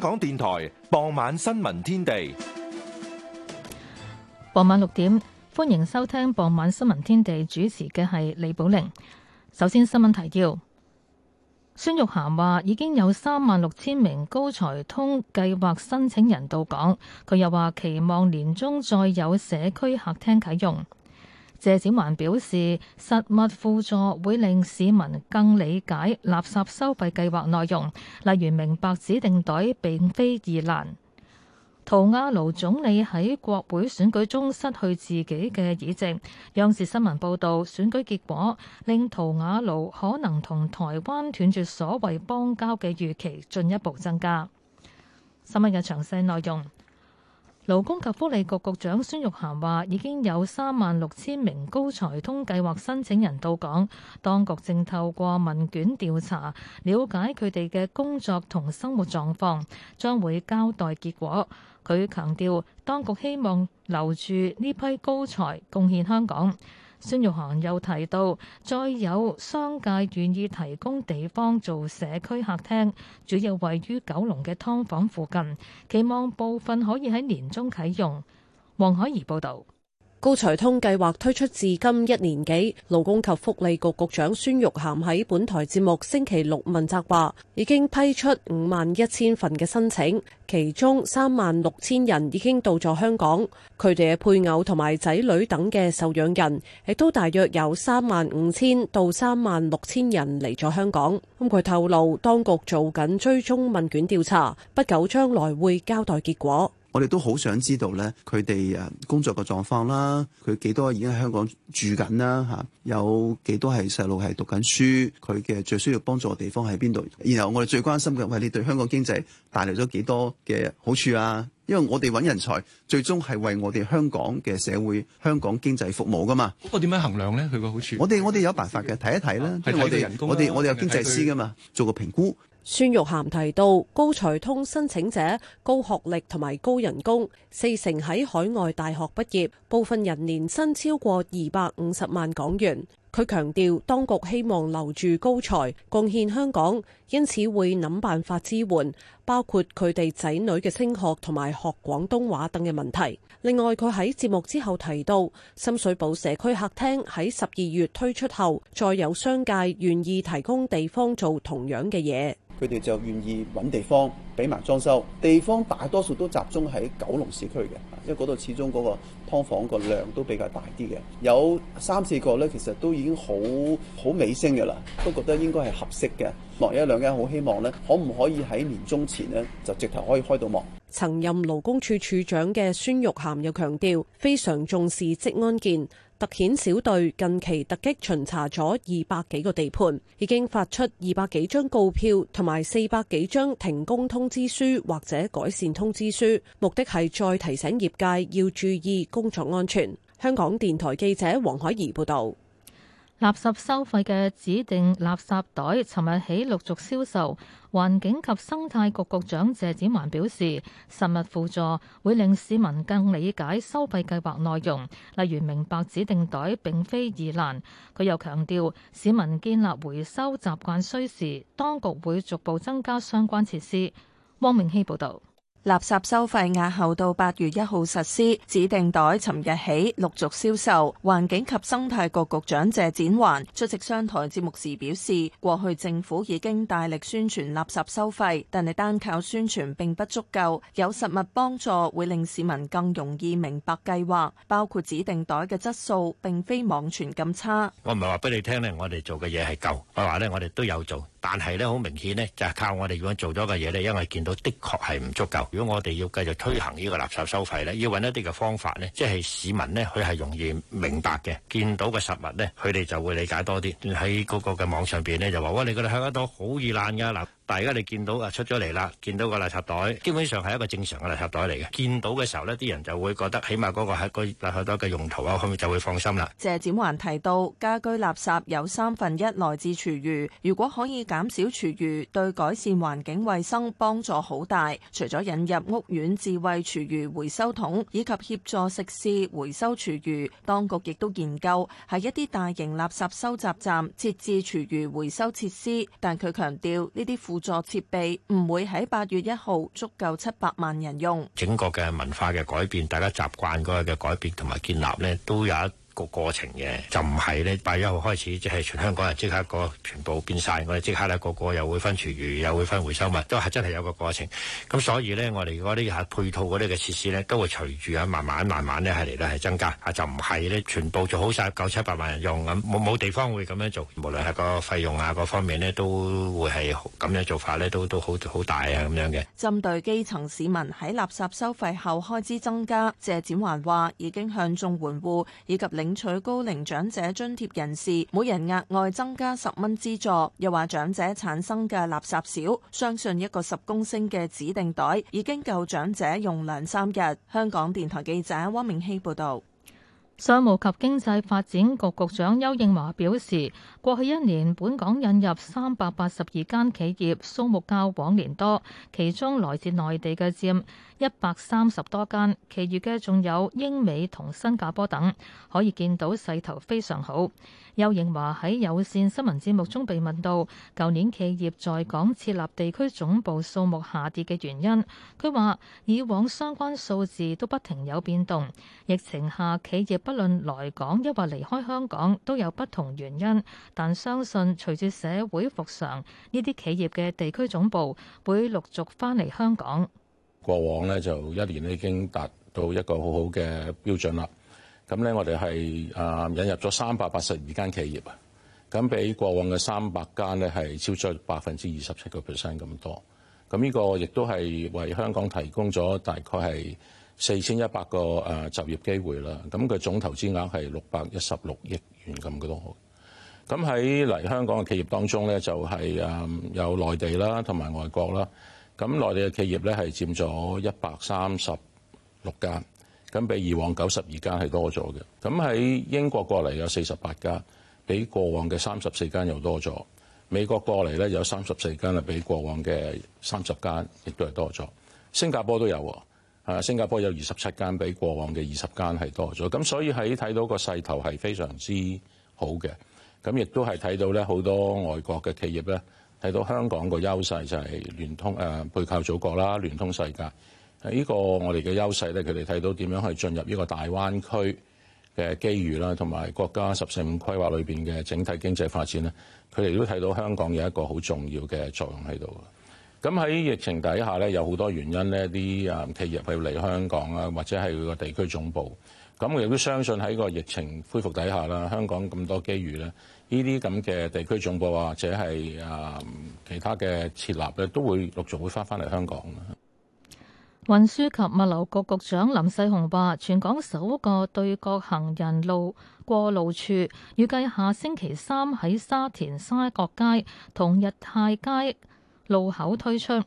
香港電台傍晚新聞天地，傍晚六點，歡迎收聽傍晚新聞天地，主持嘅係李寶玲。首先新聞提要：孫玉菡話已經有三萬六千名高才通計劃申請人到港，佢又話期望年中再有社區客廳啟用。謝展寰表示，實物輔助會令市民更理解垃圾收費計劃內容，例如明白指定袋並非易難。圖瓦盧總理喺國會選舉中失去自己嘅議席，央視新聞報導選舉結果令圖瓦盧可能同台灣斷絕所謂邦交嘅預期進一步增加。新聞嘅詳細內容。勞工及福利局局長孫玉菡話，已經有三萬六千名高才通計劃申請人到港，當局正透過問卷調查，了解佢哋嘅工作同生活狀況，將會交代結果。佢強調，當局希望留住呢批高才，貢獻香港。孫玉菡又提到，再有商界願意提供地方做社區客廳，主要位於九龍嘅劏房附近，期望部分可以喺年中啟用。黃海怡報導。高才通計劃推出至今一年幾，勞工及福利局局長孫玉菡喺本台節目星期六問責話，已經批出五萬一千份嘅申請，其中三萬六千人已經到咗香港，佢哋嘅配偶同埋仔女等嘅受養人，亦都大約有三萬五千到三萬六千人嚟咗香港。咁佢透露，當局做緊追蹤問卷調查，不久將來會交代結果。我哋都好想知道咧，佢哋誒工作嘅狀況啦，佢幾多已經喺香港住緊啦嚇，有幾多係細路係讀緊書，佢嘅最需要幫助嘅地方喺邊度？然後我哋最關心嘅，餵你對香港經濟帶來咗幾多嘅好處啊？因為我哋揾人才，最終係為我哋香港嘅社會、香港經濟服務噶嘛。咁我點樣衡量咧？佢個好處？我哋我哋有辦法嘅，睇一睇啦，人工啊。我哋我哋我哋有經濟師噶嘛，他做個評估。孫玉菡提到，高才通申請者高學歷同埋高人工，四成喺海外大學畢業，部分人年薪超過二百五十萬港元。佢強調，當局希望留住高才，貢獻香港，因此會諗辦法支援，包括佢哋仔女嘅升學同埋學廣東話等嘅問題。另外，佢喺節目之後提到，深水埗社區客廳喺十二月推出後，再有商界願意提供地方做同樣嘅嘢。佢哋就願意揾地方。俾埋裝修，地方大多數都集中喺九龍市區嘅，因為嗰度始終嗰個劏房個量都比較大啲嘅，有三四個呢，其實都已經好好尾聲嘅啦，都覺得應該係合適嘅。望一兩間好希望呢，可唔可以喺年終前呢，就直頭可以開到幕。曾任勞工處處長嘅孫玉菡又強調，非常重視職安健。特遣小隊近期突擊巡查咗二百幾個地盤，已經發出二百幾張告票同埋四百幾張停工通知書或者改善通知書，目的係再提醒業界要注意工作安全。香港電台記者黃海怡報道，垃圾收費嘅指定垃圾袋，尋日起陸續銷售。環境及生態局局長謝展寰表示，實物輔助會令市民更理解收費計劃內容，例如明白指定袋並非疑難。佢又強調，市民建立回收習慣需時，當局會逐步增加相關設施。汪明希報導。垃圾收費押後到八月一號實施，指定袋尋日起陸續銷售。環境及生態局局長謝展環出席商台節目時表示，過去政府已經大力宣傳垃圾收費，但係單靠宣傳並不足夠，有實物幫助會令市民更容易明白計劃，包括指定袋嘅質素並非網傳咁差。我唔係話俾你聽呢，我哋做嘅嘢係夠，我話呢，我哋都有做，但係呢，好明顯呢，就係靠我哋如果做咗嘅嘢呢，因為見到的確係唔足夠。如果我哋要繼續推行呢個垃圾收費呢，要揾一啲嘅方法呢，即係市民呢，佢係容易明白嘅，見到嘅實物呢，佢哋就會理解多啲。喺嗰個嘅網上面呢，就話：哇，你嗰度香港島好易爛㗎，大家你見到啊，出咗嚟啦，見到個垃圾袋，基本上係一個正常嘅垃圾袋嚟嘅。見到嘅時候呢啲人就會覺得起碼嗰個係個垃圾袋嘅用途啊，佢就會放心啦。謝展環提到，家居垃圾有三分一來自廚餘，如果可以減少廚餘，對改善環境衛生幫助好大。除咗引入屋苑智慧廚餘回收桶，以及協助食肆回收廚餘，當局亦都研究喺一啲大型垃圾收集站設置廚餘回收設施。但佢強調呢啲負助設備唔會喺八月一號足夠七百萬人用，整個嘅文化嘅改變，大家習慣嗰個嘅改變同埋建立，呢都有一個過程嘅就唔係咧，八月一號開始即係、就是、全香港人即刻個全部變晒。我哋即刻咧個，個個又會分廚餘，又會分回收物，都係真係有個過程。咁所以咧，我哋嗰啲係配套嗰啲嘅設施咧，都會隨住啊，慢慢慢慢咧係嚟咧係增加啊，就唔係咧全部做好晒九七百萬人用咁冇冇地方會咁樣做，無論係個費用啊各方面咧都會係咁樣做法咧，都都好好大啊咁樣嘅。針對基層市民喺垃圾收費後開支增加，謝展寰話已經向綜援戶以及領。領取高齡長者津貼人士，每人額外增加十蚊資助。又話長者產生嘅垃圾少，相信一個十公升嘅指定袋已經夠長者用兩三日。香港電台記者汪明希報道。商務及經濟發展局局長邱應華表示，過去一年本港引入三百八十二間企業，數目較往年多，其中來自內地嘅佔一百三十多間，其餘嘅仲有英美同新加坡等，可以見到勢頭非常好。邱應樺喺有綫新聞節目中被問到，舊年企業在港設立地區總部數目下跌嘅原因，佢話以往相關數字都不停有變動，疫情下企業不論來港抑或離開香港都有不同原因，但相信隨住社會復常，呢啲企業嘅地區總部會陸續翻嚟香港。過往咧就一年已經達到一個好好嘅標準啦。咁咧，我哋係誒引入咗三百八十二間企業啊，咁比過往嘅三百間咧係超出百分之二十七個 percent 咁多，咁呢個亦都係為香港提供咗大概係四千一百個誒就業機會啦。咁嘅總投資額係六百一十六億元咁多。咁喺嚟香港嘅企業當中咧，就係誒有內地啦，同埋外國啦。咁內地嘅企業咧係佔咗一百三十六間，咁比以往九十二間係多咗嘅，咁喺英國過嚟有四十八間，比過往嘅三十四間又多咗。美國過嚟咧有三十四間啦，比過往嘅三十間亦都係多咗。新加坡都有，啊新加坡有二十七間，比過往嘅二十間係多咗，咁所以喺睇到個勢頭係非常之好嘅，咁亦都係睇到咧好多外國嘅企業咧，睇到香港個優勢就係聯通誒背靠祖國啦，聯通世界。喺呢個我哋嘅優勢咧，佢哋睇到點樣去進入呢個大灣區嘅機遇啦，同埋國家十四五規劃裏邊嘅整體經濟發展咧，佢哋都睇到香港有一個好重要嘅作用喺度嘅。咁喺疫情底下咧，有好多原因咧，啲啊企業要嚟香港啊，或者係個地區總部，咁我哋都相信喺個疫情恢復底下啦，香港咁多機遇咧，呢啲咁嘅地區總部啊，或者係啊其他嘅設立咧，都會陸續會翻翻嚟香港。運輸及物流局局長林世雄話：全港首個對角行人路過路處，預計下星期三喺沙田沙角街同日泰街路口推出。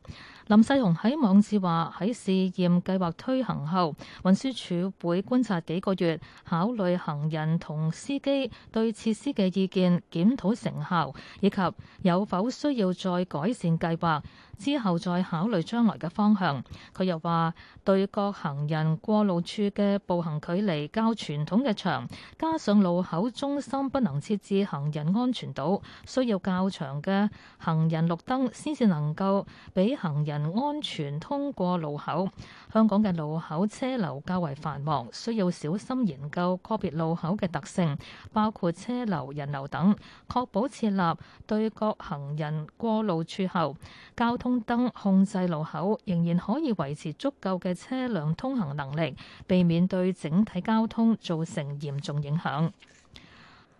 林世雄喺網誌話：喺試驗計劃推行後，運輸署會觀察幾個月，考慮行人同司機對設施嘅意見，檢討成效，以及有否需要再改善計劃。之後再考慮將來嘅方向。佢又話：對角行人過路處嘅步行距離較傳統嘅長，加上路口中心不能設置行人安全島，需要較長嘅行人綠燈，先至能夠俾行人安全通過路口。香港嘅路口車流較為繁忙，需要小心研究個別路口嘅特性，包括車流、人流等，確保設立對角行人過路處後，較通燈控制路口，仍然可以維持足夠嘅車輛通行能力，避免對整體交通造成嚴重影響。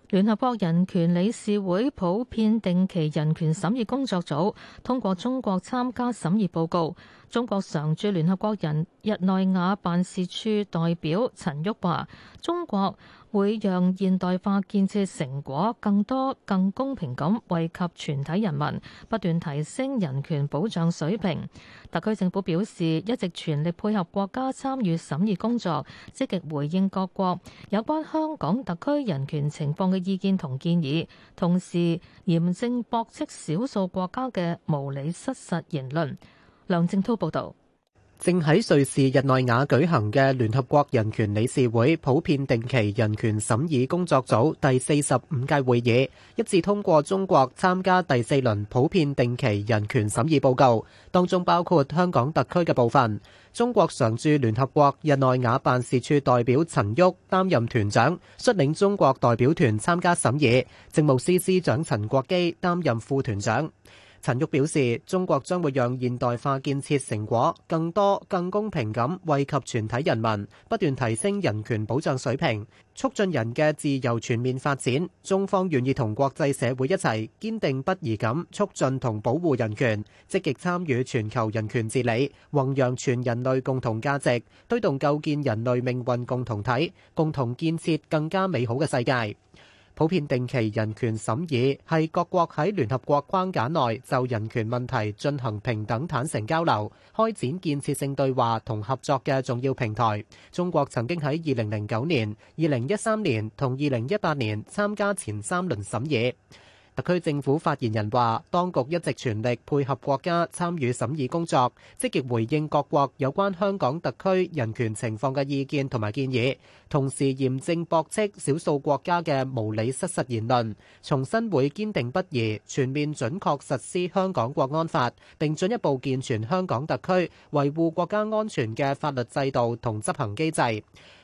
聯合國人權理事會普遍定期人權審議工作組通過中國參加審議報告。中國常駐聯合國人日內瓦辦事處代表陳旭話：中國會讓現代化建設成果更多、更公平咁惠及全體人民，不斷提升人權保障水平。特區政府表示，一直全力配合國家參與審議工作，積極回應各國有關香港特區人權情況嘅意見同建議，同時嚴正駁斥少數國家嘅無理失實言論。梁正濤報道，正喺瑞士日內瓦舉行嘅聯合國人權理事會普遍定期人權審議工作組第四十五屆會議，一致通過中國參加第四輪普遍定期人權審議報告，當中包括香港特區嘅部分。中國常駐聯合國日內瓦辦事處代表陳旭擔任團長，率領中國代表團參加審議。政務司司長陳國基擔任副團長。陳旭表示，中國將會讓現代化建設成果更多更公平咁惠及全體人民，不斷提升人權保障水平，促進人嘅自由全面發展，中方願意同國際社會一齊堅定不移咁促進同保護人權，積極參與全球人權治理，弘揚全人類共同價值，推動構建人類命運共同體，共同建設更加美好嘅世界。普遍定期人權審議係各國喺聯合國框架內就人權問題進行平等坦誠交流、開展建設性對話同合作嘅重要平台。中國曾經喺二零零九年、二零一三年同二零一八年參加前三輪審議。特區政府發言人話：當局一直全力配合國家參與審議工作，積極回應各國有關香港特區人權情況嘅意見同埋建議，同時嚴正駁斥少數國家嘅無理失實言論，重申會堅定不移、全面準確實施香港國安法，並進一步健全香港特區維護國家安全嘅法律制度同執行機制。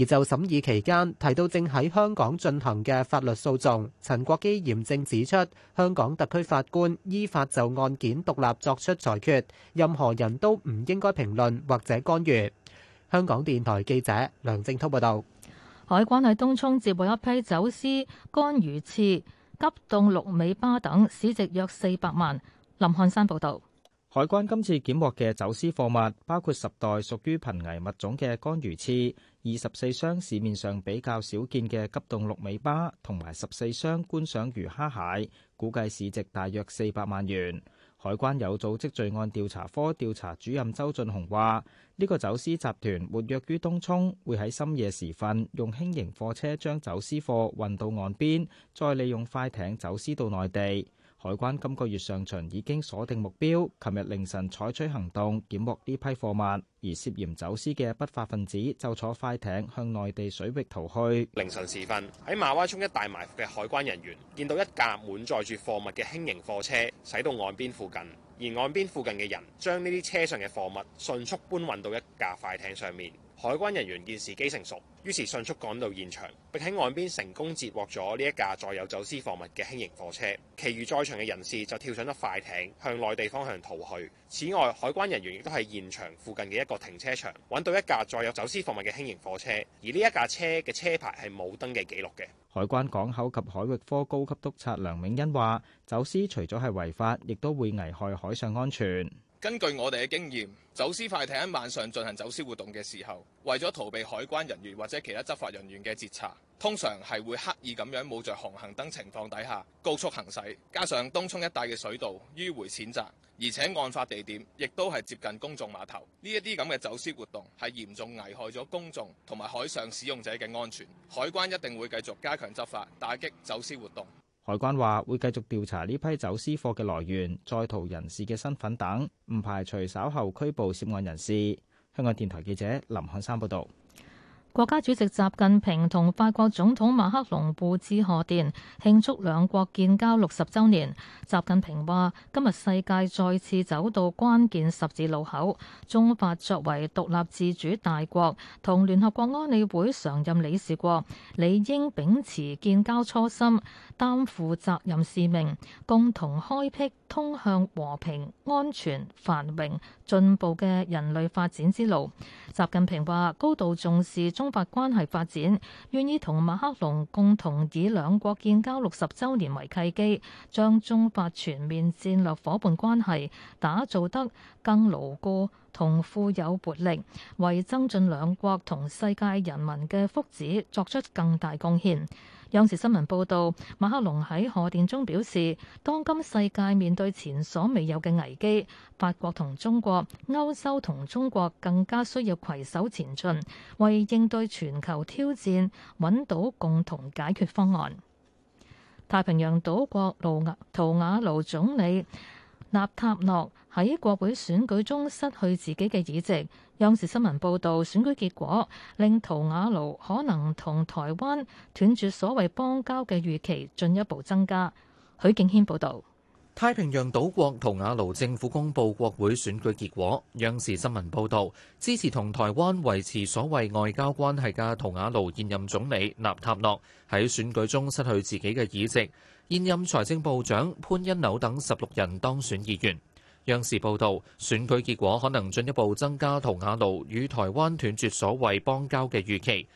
而就審議期間提到正喺香港進行嘅法律訴訟，陳國基嚴正指出，香港特區法官依法就案件獨立作出裁決，任何人都唔應該評論或者干預。香港電台記者梁正滔報道：「海關喺東涌接獲一批走私乾魚翅、急凍六尾巴等，市值約四百萬。」林漢山報道。海關今次檢獲嘅走私貨物包括十袋屬於瀕危物種嘅乾魚翅、二十四箱市面上比較少見嘅急凍鹿尾巴，同埋十四箱觀賞魚蝦蟹，估計市值大約四百萬元。海關有組織罪案調查科調查主任周俊雄話：呢個走私集團活躍於東涌，會喺深夜時分用輕型貨車將走私貨運到岸邊，再利用快艇走私到內地。海關今個月上旬已經鎖定目標，琴日凌晨採取行動，檢獲呢批貨物，而涉嫌走私嘅不法分子就坐快艇向內地水域逃去。凌晨時分，喺馬灣涌一帶埋伏嘅海關人員見到一架滿載住貨物嘅輕型貨車駛到岸邊附近，而岸邊附近嘅人將呢啲車上嘅貨物迅速搬運到一架快艇上面。海關人員見時機成熟，於是迅速趕到現場，並喺岸邊成功截獲咗呢一架載有走私貨物嘅輕型貨車。其餘在場嘅人士就跳上咗快艇，向內地方向逃去。此外，海關人員亦都喺現場附近嘅一個停車場搵到一架載有走私貨物嘅輕型貨車，而呢一架車嘅車牌係冇登記記錄嘅。海關港口及海域科高級督察梁永恩話：走私除咗係違法，亦都會危害海上安全。根據我哋嘅經驗，走私快艇喺晚上進行走私活動嘅時候，為咗逃避海關人員或者其他執法人員嘅截查，通常係會刻意咁樣冇着航行燈情況底下高速行駛，加上東涌一帶嘅水道迂迴淺窄，而且案發地點亦都係接近公眾碼頭，呢一啲咁嘅走私活動係嚴重危害咗公眾同埋海上使用者嘅安全。海關一定會繼續加強執法，打擊走私活動。海關話會繼續調查呢批走私貨嘅來源、在逃人士嘅身份等，唔排除稍後拘捕涉案人士。香港電台記者林漢山報道。國家主席習近平同法國總統馬克龍互致賀電，慶祝兩國建交六十周年。習近平話：今日世界再次走到關鍵十字路口，中法作為獨立自主大國，同聯合國安理會常任理事國，理應秉持建交初心，擔負責任使命，共同開闢通向和平、安全、繁榮、進步嘅人類發展之路。習近平話：高度重視。中法關係發展，願意同馬克龍共同以兩國建交六十周年為契機，將中法全面戰略伙伴關係打造得更牢固同富有活力，為增進兩國同世界人民嘅福祉作出更大貢獻。《央視新聞》報道，馬克龍喺賀電中表示，當今世界面對前所未有嘅危機，法國同中國、歐洲同中國更加需要攜手前進，為應對全球挑戰，揾到共同解決方案。太平洋島國圖瓦盧總理納塔諾喺國會選舉中失去自己嘅議席。央視新聞報道，選舉結果令圖瓦盧可能同台灣斷絕所謂邦交嘅預期進一步增加。許敬軒報道。太平洋島國圖瓦盧政府公布國會選舉結果，央視新聞報導，支持同台灣維持所謂外交關係嘅圖瓦盧現任總理納塔諾喺選舉中失去自己嘅議席，現任財政部長潘恩紐等十六人當選議員。央視報導，選舉結果可能進一步增加圖瓦盧與台灣斷絕所謂邦交嘅預期。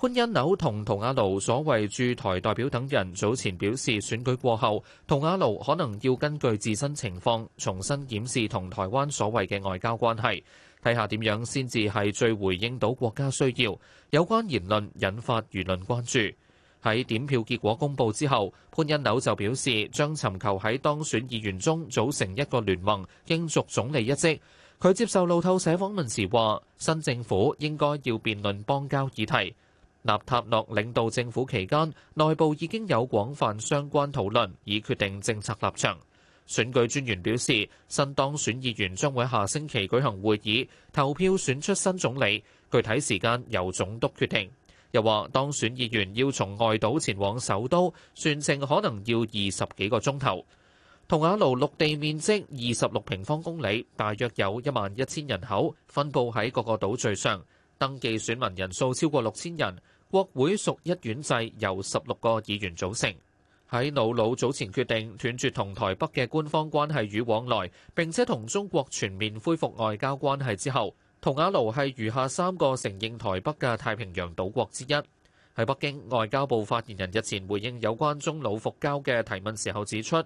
潘恩紐同圖瓦盧所謂駐台代表等人早前表示，選舉過後，圖瓦盧可能要根據自身情況重新檢視同台灣所謂嘅外交關係，睇下點樣先至係最回應到國家需要。有關言論引發輿論關注。喺點票結果公佈之後，潘恩紐就表示將尋求喺當選議員中組成一個聯盟，競逐總理一職。佢接受路透社訪問時話：新政府應該要辯論邦交議題。納塔諾領導政府期間，內部已經有廣泛相關討論，以決定政策立場。選舉專員表示，新當選議員將會下星期舉行會議投票選出新總理，具體時間由總督決定。又話，當選議員要從外島前往首都，船程可能要二十幾個鐘頭。同雅奴陸地面積二十六平方公里，大約有一萬一千人口，分布喺各個島嶼上。登記選民人數超過六千人。國會屬一院制，由十六個議員組成。喺老撾早前決定斷絕同台北嘅官方關係與往來，並且同中國全面恢復外交關係之後，圖瓦盧係餘下三個承認台北嘅太平洋島國之一。喺北京外交部發言人日前回應有關中老復交嘅提問時候指出。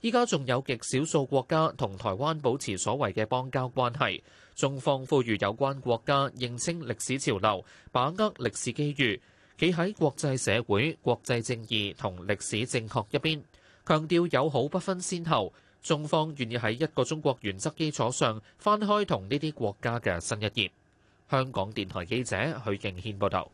依家仲有極少數國家同台灣保持所謂嘅邦交關係，中方呼籲有關國家認清歷史潮流，把握歷史機遇，企喺國際社會、國際正義同歷史正確一邊，強調友好不分先後，中方願意喺一個中國原則基礎上翻開同呢啲國家嘅新一頁，香港電台記者許敬軒報道。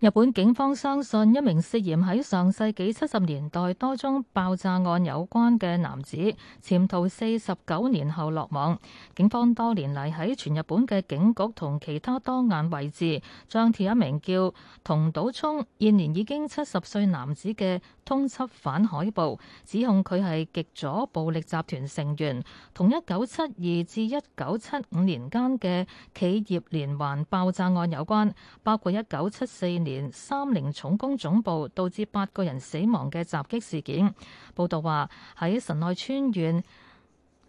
日本警方相信一名涉嫌喺上世紀七十年代多宗爆炸案有關嘅男子潛逃四十九年後落網，警方多年嚟喺全日本嘅警局同其他當眼位置，張貼一名叫同島聰、現年已經七十歲男子嘅。通緝反海部，指控佢係極左暴力集團成員，同一九七二至一九七五年間嘅企業連環爆炸案有關，包括一九七四年三菱重工總部導致八個人死亡嘅襲擊事件。報道話喺神奈川縣。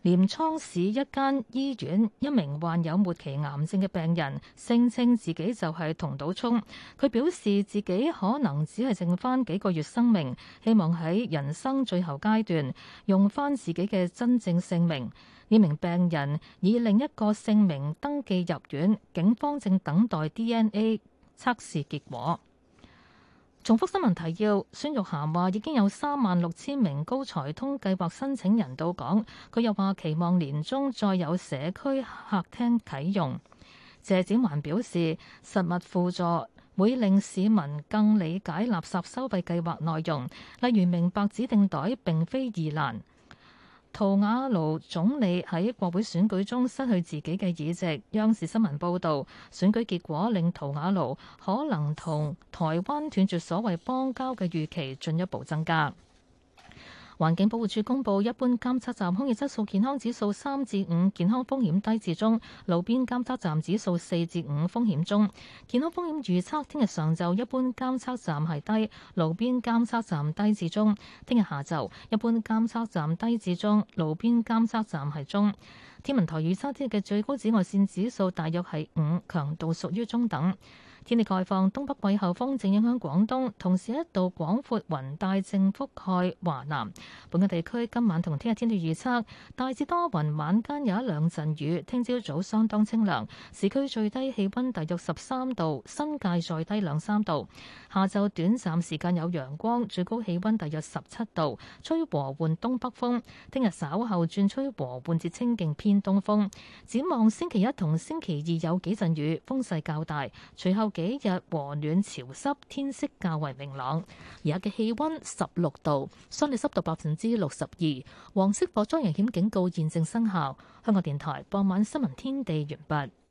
鐮倉市一間醫院一名患有末期癌症嘅病人聲稱自己就係同島聰，佢表示自己可能只係剩翻幾個月生命，希望喺人生最後階段用翻自己嘅真正姓名。呢名病人以另一個姓名登記入院，警方正等待 DNA 測試結果。重複新聞提要，孫玉菡話已經有三萬六千名高才通計劃申請人到港。佢又話期望年中再有社區客廳啟用。謝展寰表示，實物輔助會令市民更理解垃圾收費計劃內容，例如明白指定袋並非易難。圖瓦盧總理喺國會選舉中失去自己嘅議席。央視新聞報道，選舉結果令圖瓦盧可能同台灣斷絕所謂邦交嘅預期進一步增加。環境保護署公布，一般監測站空氣質素健康指數三至五，健康風險低至中；路邊監測站指數四至五，風險中。健康風險預測：聽日上晝一般監測站係低，路邊監測站低至中；聽日下晝一般監測站低至中，路邊監測站係中。天文台預測今日嘅最高紫外線指數大約係五，強度屬於中等。天氣概況：東北季候風正影響廣東，同時一道廣闊雲帶正覆蓋華南。本港地區今晚同聽日天氣預測大致多雲，晚間有一兩陣雨。聽朝早相當清涼，市區最低氣温大約十三度，新界再低兩三度。下晝短暫時間有陽光，最高氣温大約十七度，吹和緩東北風。聽日稍後轉吹和緩至清勁偏東風。展望星期一同星期二有幾陣雨，風勢較大，隨後幾日和暖潮濕，天色較為明朗。而家嘅氣温十六度，相對濕度百分之六十二。黃色火災危險警告現正生效。香港電台傍晚新聞天地完畢。